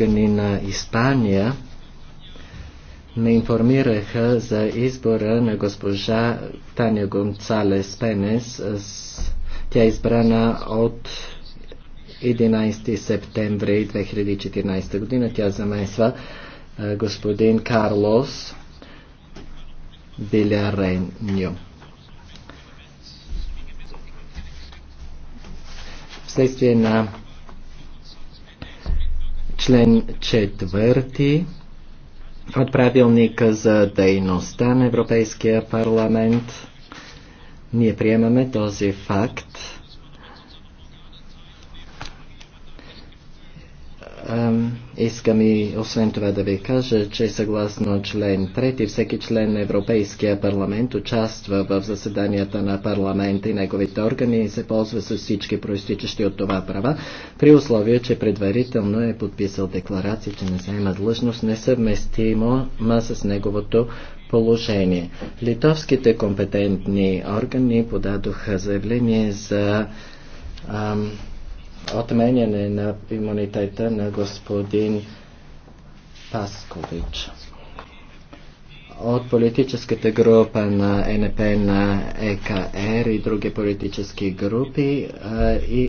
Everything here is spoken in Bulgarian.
органи на Испания ме информираха за избора на госпожа Таня Гонцалес Пенес. Тя е избрана от 11 септември 2014 година. Тя замесва господин Карлос Биляреньо. Вследствие на член 4 от правилника за дейността на Европейския парламент. Ние приемаме този факт Искам и освен това да ви кажа, че съгласно член 3 всеки член на Европейския парламент участва в заседанията на парламента и неговите органи и се ползва с всички проистичащи от това права, при условие, че предварително е подписал декларация, че не заема длъжност несъвместимо с неговото положение. Литовските компетентни органи подадоха заявление за ам, отменяне на имунитета на господин Паскович. От политическата група на НП на ЕКР и други политически групи и